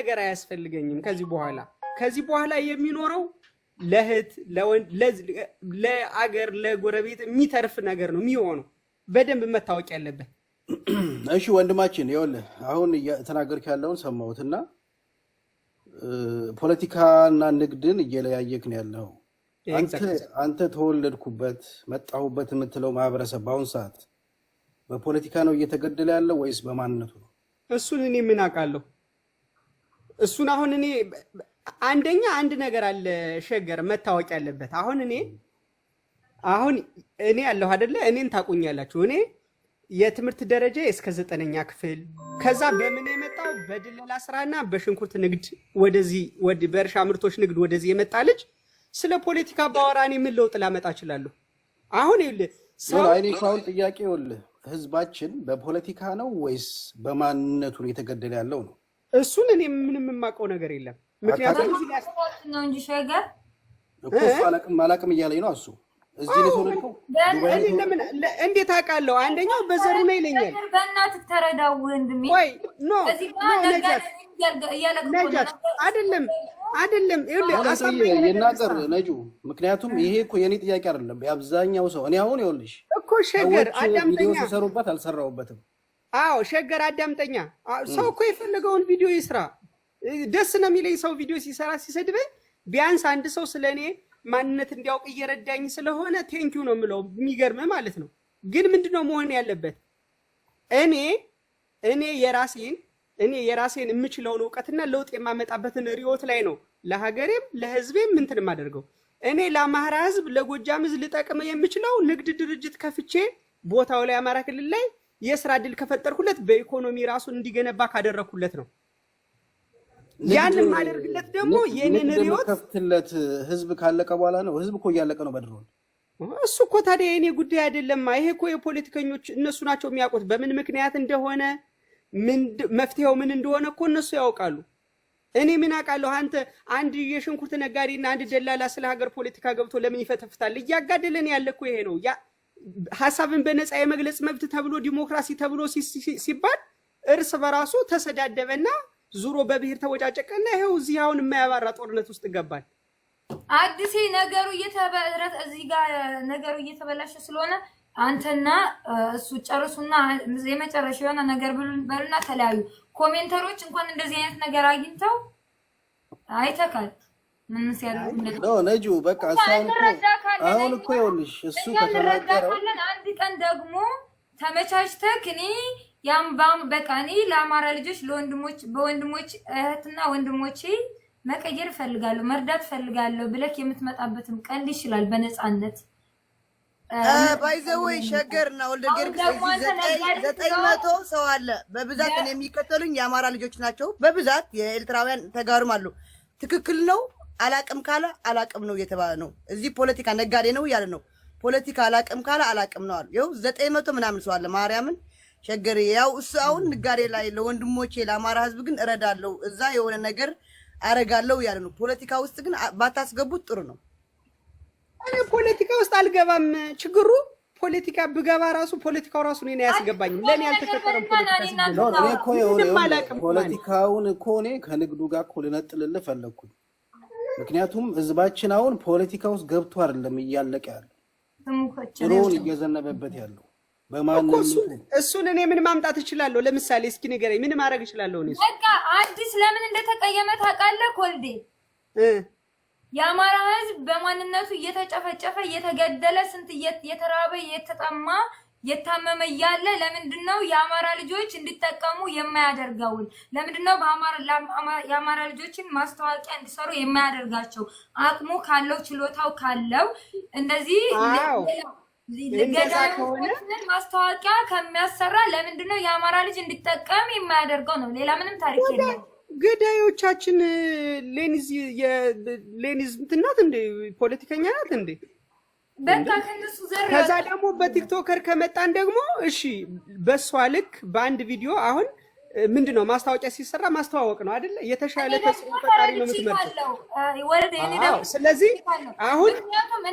ነገር አያስፈልገኝም ከዚህ በኋላ ከዚህ በኋላ የሚኖረው ለእህት ለአገር ለጎረቤት የሚተርፍ ነገር ነው የሚሆነው። በደንብ መታወቅ ያለበት። እሺ ወንድማችን፣ ይኸውልህ አሁን ተናገርክ ያለውን ሰማሁትና ፖለቲካና ንግድን እየለያየክ ነው ያለው። አንተ ተወለድኩበት መጣሁበት የምትለው ማህበረሰብ በአሁን ሰዓት በፖለቲካ ነው እየተገደለ ያለው ወይስ በማንነቱ ነው? እሱን እኔ ምን አውቃለሁ? እሱን አሁን እኔ አንደኛ አንድ ነገር አለ ሸገር መታወቅ ያለበት አሁን እኔ አሁን እኔ ያለሁ አደለ እኔን ታቁኛላችሁ። እኔ የትምህርት ደረጃ እስከ ዘጠነኛ ክፍል ከዛ በምን የመጣው በድለላ ስራና በሽንኩርት ንግድ ወደዚህ በእርሻ ምርቶች ንግድ ወደዚህ የመጣ ልጅ ስለ ፖለቲካ ባወራ እኔ ምን ለውጥ ላመጣ እችላለሁ? አሁን ይል እኔ ጥያቄ ይኸውልህ ህዝባችን በፖለቲካ ነው ወይስ በማንነቱ የተገደለ ያለው ነው እሱን እኔ ምንም የማውቀው ነገር የለም። ምክንያቱም ነው እንጂ ሸገር አላቅም አላቅም እያለኝ ነው እሱ እንዴት አውቃለሁ? አንደኛው በዘሩ ነው ይለኛል። በእናትህ ተረዳው ወንድሜ። ወይ ኖ ነጃት አይደለም አይደለም የናገር ነጁ። ምክንያቱም ይሄ እኮ የኔ ጥያቄ አይደለም የአብዛኛው ሰው። እኔ አሁን ይኸውልሽ እኮ ሸገር አዳምጠኛ ሰሩበት አልሰራውበትም አዎ ሸገር አዳምጠኛ። ሰው እኮ የፈለገውን ቪዲዮ ይስራ። ደስ ነው የሚለኝ ሰው ቪዲዮ ሲሰራ ሲሰድበኝ፣ ቢያንስ አንድ ሰው ስለ እኔ ማንነት እንዲያውቅ እየረዳኝ ስለሆነ ቴንኪው ነው የምለው። የሚገርም ማለት ነው። ግን ምንድነው መሆን ያለበት? እኔ እኔ የራሴን እኔ የራሴን የምችለውን እውቀትና ለውጥ የማመጣበትን ሪዮት ላይ ነው ለሀገሬም ለህዝቤም ምንትን የማደርገው። እኔ ለአማራ ህዝብ ለጎጃም ሕዝብ የምችለው ንግድ ድርጅት ከፍቼ ቦታው ላይ አማራ ክልል ላይ የስራ እድል ከፈጠርኩለት በኢኮኖሚ ራሱን እንዲገነባ ካደረኩለት ነው። ያን ማደርግለት ደግሞ የኔን ሪዮት ከፍትለት ህዝብ ካለቀ በኋላ ነው። ህዝብ እኮ እያለቀ ነው በድሮን እሱ እኮ ታዲያ የኔ ጉዳይ አይደለም። ይሄ እኮ የፖለቲከኞች እነሱ ናቸው የሚያውቁት በምን ምክንያት እንደሆነ መፍትሄው ምን እንደሆነ እኮ እነሱ ያውቃሉ። እኔ ምን አውቃለሁ? አንተ አንድ የሽንኩርት ነጋዴና አንድ ደላላ ስለ ሀገር ፖለቲካ ገብቶ ለምን ይፈተፍታል? እያጋደለን ያለ እኮ ይሄ ነው። ሀሳብን በነፃ የመግለጽ መብት ተብሎ ዲሞክራሲ ተብሎ ሲባል እርስ በራሱ ተሰዳደበና ዙሮ በብሔር ተወጫጨቀና ይኸው እዚህ አሁን የማያባራ ጦርነት ውስጥ ገባል። አዲሴ ነገሩ እየተበረት እዚህ ጋር ነገሩ እየተበላሸ ስለሆነ አንተና እሱ ጨርሱና የመጨረሻ የሆነ ነገር በሉና ተለያዩ። ኮሜንተሮች እንኳን እንደዚህ አይነት ነገር አግኝተው አይተካል ምን ሲያደርጉ ነጁ በቃ አሁን እኮ ይኸውልሽ እሱ ከተናገረው አንድ ቀን ደግሞ ተመቻችተክ እኔ ያምባም በቃ እኔ ለአማራ ልጆች ለወንድሞች በወንድሞች እህትና ወንድሞቼ መቀየር እፈልጋለሁ መርዳት እፈልጋለሁ ብለክ የምትመጣበትም ቀን ይችላል በነፃነት ባይዘወይ ሸገር እና ወልደጊዮርጊስ ዘጠኝ መቶ ሰው አለ። በብዛት የሚከተሉኝ የአማራ ልጆች ናቸው። በብዛት የኤርትራውያን ተጋሩም አሉ። ትክክል ነው። አላቅም ካለ አላቅም ነው እየተባለ ነው። እዚህ ፖለቲካ ነጋዴ ነው እያለ ነው። ፖለቲካ አላቅም ካለ አላቅም ነው አሉ። ይኸው ዘጠኝ መቶ ምናምን ሰው አለ። ማርያምን ሸገር ያው እሱ አሁን ንጋዴ ላይ ለወንድሞቼ ለአማራ ህዝብ ግን እረዳለው እዛ የሆነ ነገር አረጋለው እያለ ነው። ፖለቲካ ውስጥ ግን ባታስገቡት ጥሩ ነው። እኔ ፖለቲካ ውስጥ አልገባም። ችግሩ ፖለቲካ ብገባ ራሱ ፖለቲካው ራሱ እኔን አያስገባኝም። ለእኔ ያልተፈጠረም ፖለቲካ ፖለቲካውን እኮ እኔ ከንግዱ ጋር እኮ ልነጥልልህ ፈለግኩኝ ምክንያቱም ህዝባችን አሁን ፖለቲካ ውስጥ ገብቶ አይደለም እያለቀ ያለ ኑሮውን እየዘነበበት ያለው እሱን እኔ ምን ማምጣት እችላለሁ? ለምሳሌ እስኪ ንገረኝ፣ ምን ማድረግ እችላለሁ? በቃ አዲስ ለምን እንደተቀየመ ታውቃለህ? ኮልዴ የአማራ ህዝብ በማንነቱ እየተጨፈጨፈ እየተገደለ ስንት እየተራበ እየተጠማ የታመመ እያለ ለምንድን ነው የአማራ ልጆች እንዲጠቀሙ የማያደርገውን? ለምንድን ነው የአማራ ልጆችን ማስታወቂያ እንዲሰሩ የማያደርጋቸው? አቅሙ ካለው ችሎታው ካለው እንደዚህ ገዳዮችን ማስታወቂያ ከሚያሰራ ለምንድን ነው የአማራ ልጅ እንዲጠቀም የማያደርገው ነው። ሌላ ምንም ታሪክ የለም። ገዳዮቻችን ሌኒዝ የሌኒዝ እንትን ናት እንዴ? ፖለቲከኛ ናት እንዴ? በቃ ከነሱ ዘር ከዛ ደግሞ በቲክቶከር ከመጣን ደግሞ እሺ፣ በእሷ ልክ በአንድ ቪዲዮ አሁን ምንድን ነው ማስታወቂያ ሲሰራ ማስተዋወቅ ነው አይደለ? የተሻለ ተጽዕኖ ፈጣሪ ነው ስለዚህ አሁን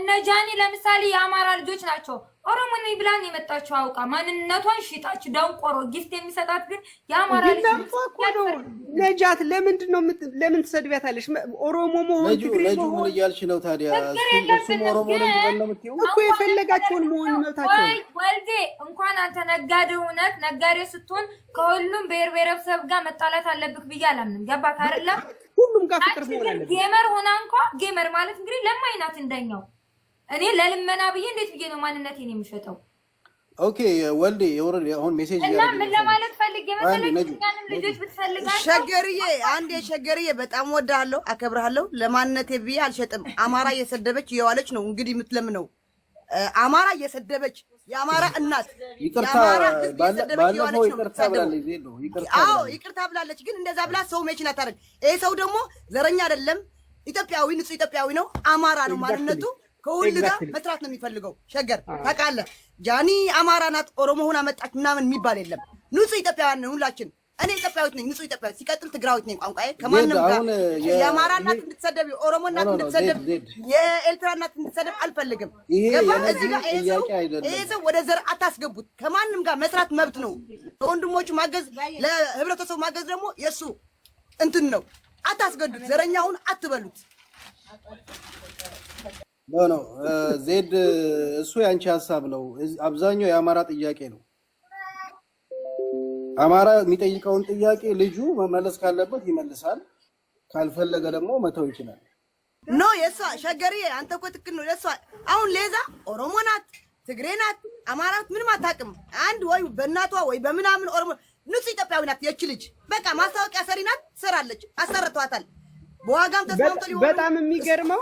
እነ ጃኒ ለምሳሌ የአማራ ልጆች ናቸው። ኦሮሞ ነኝ ብላን የመጣችው አውቃ ማንነቷን ሽጣች ደንቆሮ ጊፍት የሚሰጣት ግን የአማራ ልጅ ነጃት ለምንድን ነው ለምን ትሰድቢያታለሽ? ኦሮሞ መሆን ትግሬ መሆን እያልሽ ነው። ታዲያ እሱም ኦሮሞ እኮ የፈለጋቸውን መሆን መብታቸው። ወልዴ እንኳን አንተ ነጋዴ እውነት ነጋዴ ስትሆን ከሁሉም ብሔር ብሔረሰብ ጋር መጣላት አለብህ ብዬ አላምንም። ገባት አይደለም? ሁሉም ጋር ፍቅር ሆነ ጌመር ሆና እንኳ ጌመር ማለት እንግዲህ ለማይናት እንደኛው እኔ ለልመና ብዬ እንዴት ብዬ ነው ማንነቴን የሚሸጠው? ኦኬ ወልዴ የወረድ አሁን ሜሴጅ እና ምን ለማለት ፈልጌ መሰለኛንም ልጆች ብትፈልጋቸው ሸገርዬ፣ አንዴ ሸገርዬ፣ በጣም ወዳለሁ፣ አከብርሃለሁ። ለማንነቴ ብዬ አልሸጥም። አማራ እየሰደበች እየዋለች ነው እንግዲህ የምትለምነው። አማራ እየሰደበች የአማራ እናት ይቅርታ ይቅርታ ብላለች፣ ግን እንደዛ ብላ ሰው መችን ናታረግ። ይሄ ሰው ደግሞ ዘረኛ አይደለም፣ ኢትዮጵያዊ፣ ንጹህ ኢትዮጵያዊ ነው። አማራ ነው ማንነቱ ከሁሉ ጋር መስራት ነው የሚፈልገው። ሸገር ታውቃለህ፣ ጃኒ አማራ ናት ኦሮሞ ሆና መጣች ምናምን የሚባል የለም። ንጹህ ኢትዮጵያውያን ነን ሁላችን። እኔ ኢትዮጵያዊት ነኝ፣ ንጹህ ኢትዮጵያዊት። ሲቀጥል ትግራዊት ነኝ። ቋንቋዬ ከማንም ጋር የአማራ እናት እንድትሰደብ፣ የኦሮሞ እናት እንድትሰደብ፣ የኤርትራ እናት እንድትሰደብ አልፈልግም። ይሄ ሰው ወደ ዘር አታስገቡት። ከማንም ጋር መስራት መብት ነው። ለወንድሞቹ ማገዝ፣ ለህብረተሰቡ ማገዝ ደግሞ የእሱ እንትን ነው። አታስገዱት። ዘረኛውን አትበሉት። ነው ኖ ዜድ እሱ የአንቺ ሀሳብ ነው። አብዛኛው የአማራ ጥያቄ ነው። አማራ የሚጠይቀውን ጥያቄ ልጁ መመለስ ካለበት ይመልሳል፣ ካልፈለገ ደግሞ መተው ይችላል። ኖ የእሷ ሸገሪ አንተ እኮ ትክክል ነው። ለእሷ አሁን ሌዛ ኦሮሞ ናት፣ ትግሬ ናት፣ አማራት ምንም አታውቅም። አንድ ወይ በእናቷ ወይ በምናምን ኦሮሞ ንጹህ ኢትዮጵያዊ ናት። የች ልጅ በቃ ማስታወቂያ ሰሪ ናት፣ ትሰራለች፣ አሰርተዋታል። በዋጋም ተስማምቶ ሊሆ በጣም የሚገርመው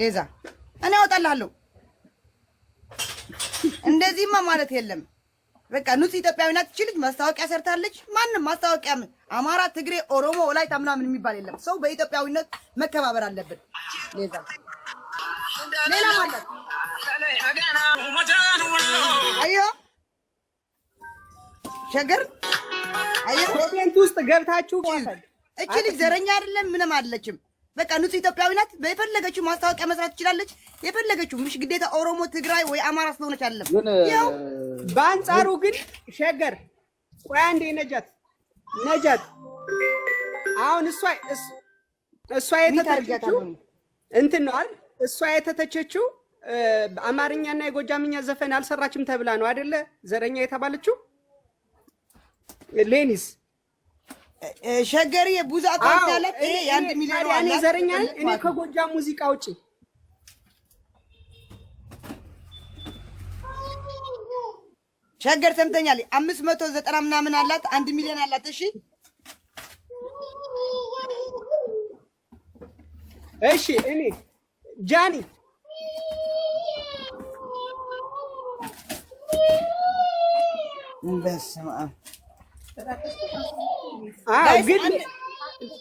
ሌዛ እኔ አወጣልሃለሁ። እንደዚህማ ማለት የለም። በቃ ኑስ ኢትዮጵያዊ ናት እቺ ልጅ። ማስታወቂያ ሰርታለች። ማንም ማስታወቂያ አማራ፣ ትግሬ፣ ኦሮሞ፣ ወላይታ ምናምን የሚባል የለም። ሰው በኢትዮጵያዊነት መከባበር አለብን። ሌዛ ሌላ ማለት አዮ ሸገር አየሁ ውስጥ ገብታችሁ እቺ ልጅ ዘረኛ አይደለም ምንም አይደለችም። በቃ ንጹህ ኢትዮጵያዊ ናት። የፈለገችው ማስታወቂያ መስራት ትችላለች። የፈለገችው ምሽ ግዴታ ኦሮሞ፣ ትግራይ ወይ አማራ ስለሆነች አለም። በአንጻሩ ግን ሸገር ቆይ አንዴ ነጃት ነጃት አሁን እሷ እሷ የተተቸችው እንትን ነው አይደል? እሷ የተተቸችው አማርኛና የጎጃምኛ ዘፈን አልሰራችም ተብላ ነው አይደለ? ዘረኛ የተባለችው ሌኒስ ሸገሪ ቡዛ ታውቂያለሽ? እኔ የአንድ ሚሊዮን ዋና እኔ ዘረኛ ነኝ። እኔ ከጎጃም ሙዚቃ ውጪ ሸገር ሰምተኛል። አምስት መቶ ዘጠና ምናምን አላት፣ አንድ ሚሊዮን አላት። እሺ እሺ። እኔ ጃኒ በስመ አብ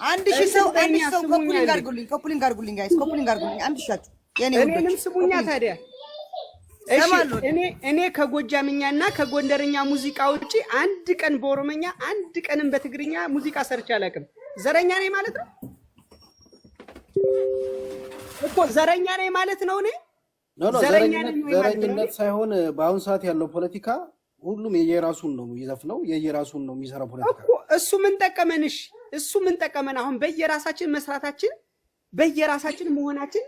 አንድ ሺህ ሰው አንድ ሰው ኮፕሊንግ አድርጉልኝ፣ ኮፕሊንግ አድርጉልኝ፣ ጋይስ ኮፕሊንግ አድርጉልኝ። አንድ ሺህ እኔንም ስሙኛ ታዲያ እኔ ከጎጃምኛ እና ከጎንደርኛ ሙዚቃ ውጪ አንድ ቀን በኦሮመኛ አንድ ቀንም በትግርኛ ሙዚቃ ሰርቼ አላውቅም። ዘረኛ ነኝ ማለት ነው እኮ ዘረኛ ነኝ ማለት ነው። እኔ ዘረኝነት ሳይሆን በአሁኑ ሰዓት ያለው ፖለቲካ ሁሉም የየራሱን ነው የሚዘፍነው፣ የየራሱን ነው የሚሰራ ፖለቲካ። እሱ ምን ጠቀመንሽ? እሱ ምን ጠቀመን? አሁን በየራሳችን መስራታችን በየራሳችን መሆናችን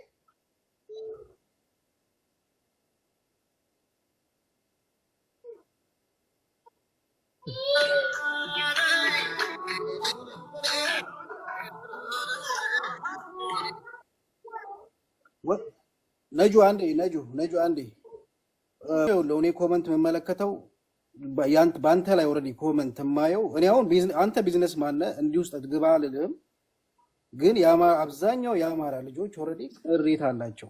ነጁ አንዴ ነጁ ነጁ አንዴ ለእኔ ኮመንት የምመለከተው በአንተ ላይ ወረድ ኮመንት የማየው እኔ አሁን አንተ ቢዝነስ ማነ እንዲህ ውስጥ ግባ አልልም፣ ግን አብዛኛው የአማራ ልጆች ኦልሬዲ ቅሬታ አላቸው።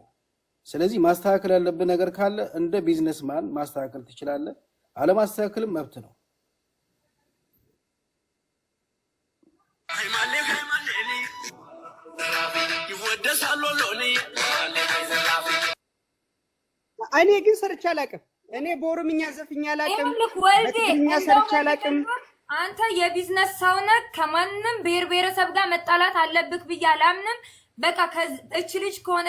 ስለዚህ ማስተካከል ያለብን ነገር ካለ እንደ ቢዝነስ ማን ማስተካከል ትችላለህ። አለማስተካከልም መብት ነው። እኔ ግን ሰርቼ አላውቅም። እኔ በኦሮምኛ ዘፍኛ አላውቅም፣ በትግርኛ ሰርቼ አላውቅም። አንተ የቢዝነስ ሰው ነህ። ከማንም ብሔር ብሔረሰብ ጋር መጣላት አለብህ ብዬ አላምንም። በቃ እች ልጅ ከሆነ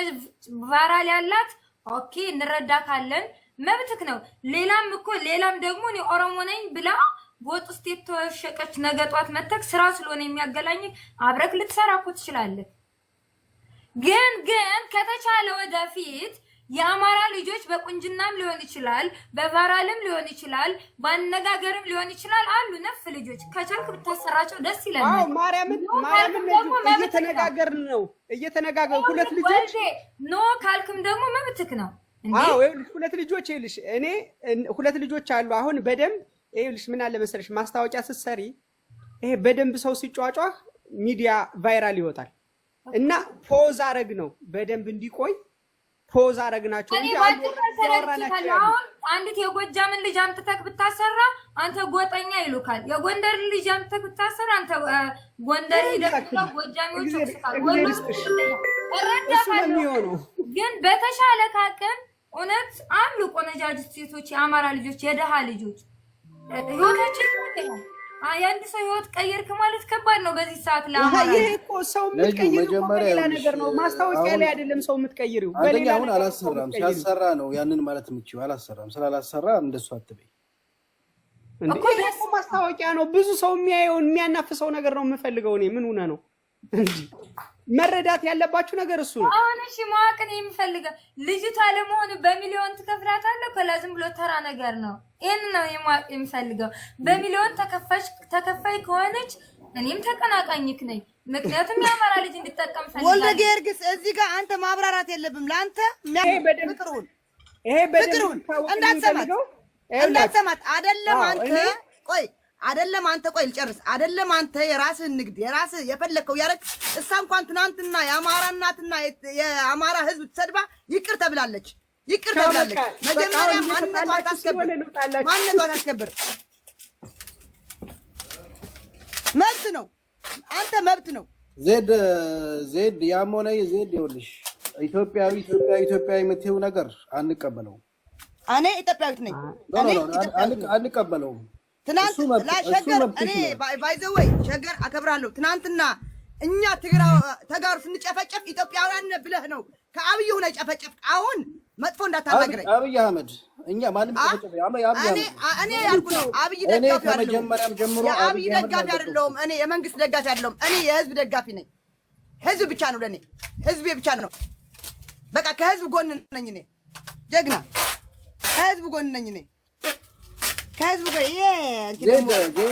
ቫይራል ያላት ኦኬ፣ እንረዳታለን፣ መብትክ ነው። ሌላም እኮ ሌላም ደግሞ እኔ ኦሮሞ ነኝ ብላ በወጥ ውስጥ የተሸቀች ነገ ጧት መተክ ስራ ስለሆነ የሚያገላኝ አብረክ ልትሰራ እኮ ትችላለህ። ግን ግን ከተቻለ ወደፊት የአማራ ልጆች በቁንጅናም ሊሆን ይችላል፣ በቫራልም ሊሆን ይችላል፣ በአነጋገርም ሊሆን ይችላል። አሉ ነፍ ልጆች ከቻልክ ብታሰራቸው ደስ ይለናል። ማርያምን እየተነጋገርን ነው እየተነጋገር ሁለት ልጆች ኖ ካልክም ደግሞ መብትክ ነው። ሁለት ልጆች ይልሽ እኔ ሁለት ልጆች አሉ። አሁን በደንብ ይልሽ ምን አለ መሰለሽ ማስታወቂያ ስትሰሪ ይሄ በደንብ ሰው ሲጫጫህ ሚዲያ ቫይራል ይወጣል እና ፖዝ አረግ ነው በደንብ እንዲቆይ ፖዝ አደረግናቸው። አንዲት የጎጃምን ልጅ አምጥተህ ብታሰራ አንተ ጎጠኛ ይሉካል። የጎንደር ልጅ አምጥተህ ብታሰራ አንተ ጎንደር ሂደህ ጎጃሚዎች ግን በተሻለ ካቅም እውነት አሉ ቆነጃጅት ሴቶች፣ የአማራ ልጆች፣ የደሃ ልጆች ህይወታችን የአንድ ሰው ህይወት ቀየርክ ማለት ከባድ ነው በዚህ ሰዓት ላይ። ይሄ እኮ ሰው የምትቀይሪው እኮ ነገር ነው፣ ማስታወቂያ ላይ አይደለም ሰው የምትቀይሪው። አንደኛ አሁን አላሰራም፣ ሲያሰራ ነው ያንን ማለት የምችይው። አላሰራም ስላላሰራ እንደሱ አትበይ እኮ እኮ ማስታወቂያ ነው። ብዙ ሰው የሚያየውን የሚያናፍሰው ነገር ነው የምፈልገው እኔ ምን ሆነ ነው እንጂ መረዳት ያለባችሁ ነገር እሱ ነው። አሁን እሺ ማወቅን የሚፈልገው ልጅቷ ለመሆኑ በሚሊዮን ትከፍላታለህ? ከላ ብሎ ተራ ነገር ነው። ይህን ነው ማወቅ የሚፈልገው። በሚሊዮን ተከፋይ ከሆነች እኔም ተቀናቃኝክ ነኝ። ምክንያቱም የአማራ ልጅ እንድጠቀም ፈልጋለሁ። ወልደ ጊዮርጊስ እዚህ ጋር አንተ ማብራራት የለብም። ለአንተ ፍቅሩን ይሄ በደንብ እንዳትሰማት እንዳትሰማት አይደለም አንተ ቆይ አደለም አንተ ቆይ ልጨርስ። አደለም አንተ የራስህን ንግድ የራስህ የፈለግከው ያረግ። እሳ እንኳን ትናንትና የአማራ እናትና የአማራ ህዝብ ትሰድባ ይቅር ተብላለች፣ ይቅር ተብላለች። መጀመሪያ ማንነቷን ታስከብር፣ ማንነቷን ታስከብር። መብት ነው አንተ መብት ነው። ዜድ ዜድ ያም ሆነ ዜድ ይኸውልሽ፣ ኢትዮጵያዊ ኢትዮጵያ ኢትዮጵያዊ የምትይው ነገር አንቀበለውም። እኔ ኢትዮጵያዊት ነኝ አንቀበለውም። ትናንት ሸገር አከብራለሁ። ትናንትና እኛ ተጋሩ ስንጨፈጨፍ ኢትዮጵያውያን ብለህ ነው ከአብይ ሆነ ጨፈጨፍ። አሁን መጥፎ እንዳታናግረኝ አብይ አህመድ እኛ ማንም አብይ ደጋፊ አይደለሁም። እኔ የመንግስት ደጋፊ አይደለሁም። እኔ የህዝብ ደጋፊ ነኝ። ህዝብ ብቻ ነው ለእኔ፣ ህዝቤ ብቻ ነው። በቃ ከህዝብ ጎን ነኝ እኔ። ጀግና ከህዝብ ጎን ነኝ እኔ። ከህዝቡ ጋር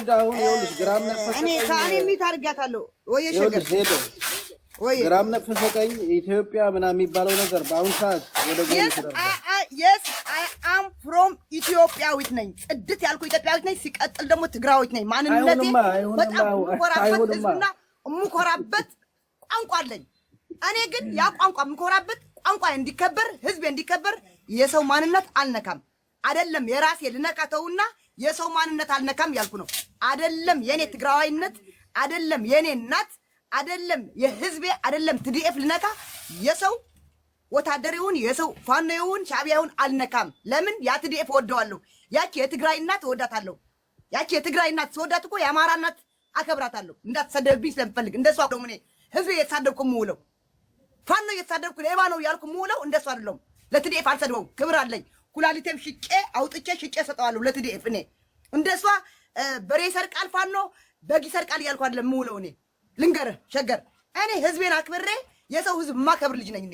ግራም ነፈሰ ቀኝ ኢትዮጵያ ምናምን የሚባለው ነገር በአሁኑ ሰዓት ወደ አም ፍሮም ኢትዮጵያዊት ነኝ። ጽድት ያልኩ ኢትዮጵያዊት ነኝ። ሲቀጥል ደግሞ ትግራዊት ነኝ። ማንነቴ በጣም የምኮራበት ህዝብና የምኮራበት ቋንቋ አለኝ። እኔ ግን ያ ቋንቋ የምኮራበት ቋንቋ እንዲከበር፣ ህዝብ እንዲከበር የሰው ማንነት አልነካም። አይደለም የራሴ ልነቀተውና የሰው ማንነት አልነካም ያልኩ ነው። አይደለም የኔ ትግራዋይነት፣ አይደለም የኔ እናት፣ አይደለም የህዝቤ፣ አይደለም ትዲኤፍ ልነካ የሰው ወታደር ይሁን የሰው ፋኖ ይሁን ሻቢያ ይሁን አልነካም። ለምን ያ ትዲኤፍ ወደዋለሁ። ያቺ የትግራይ እናት እወዳታለሁ። ያቺ የትግራይ እናት ስወዳት እኮ የአማራ እናት አከብራታለሁ። እንዳትሰደብብኝ ስለምፈልግ እንደሷ ደሞ እኔ ህዝቤ እየተሳደብኩ የምውለው ፋኖ እየተሳደብኩ ሌባ ነው ያልኩ የምውለው እንደሷ አይደለሁም። ለትዲኤፍ አልሰድበው ክብር አለኝ። ኩላሊቴም ሽጬ አውጥቼ ሽጬ ሰጠዋለሁ ለትዲኤፍ። እኔ እንደሷ በሬ ሰርቃል፣ ፋኖ በግ ሰርቃል እያልኩ አይደለም የምውለው። እኔ ልንገርህ ሸገር፣ እኔ ህዝቤን አክብሬ የሰው ህዝብ ማከብር ልጅ ነኝ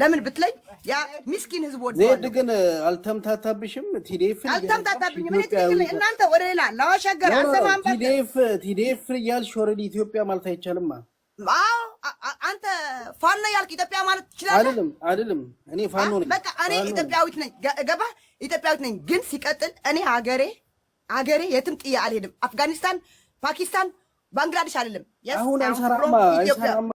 ለምን ብትለኝ ያ ሚስኪን ህዝብ ወድ ግን አልተምታታብሽም። ቲዴፍ አልተምታታብኝም። እናንተ ወደ ሌላ ለዋሻገር አሰማንበት ቲዴፍ እያልሽ ኦልሬዲ ኢትዮጵያ ማለት አይቻልም። አንተ ፋኖ ያልክ ኢትዮጵያ ማለት ትችላለህ? አይደለም አይደለም፣ እኔ ፋኖ ነኝ። በቃ እኔ ኢትዮጵያዊት ነኝ፣ ገባህ? ኢትዮጵያዊት ነኝ። ግን ሲቀጥል እኔ ሀገሬ ሀገሬ የትም ጥዬ አልሄድም። አፍጋኒስታን፣ ፓኪስታን፣ ባንግላዴሽ አይደለም። አሁን አይሰራም